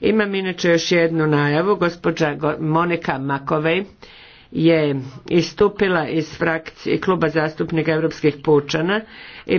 Imam inače još jednu najavu. Gospođa Monika Makovej je istupila iz Kluba zastupnika Europskih pučana i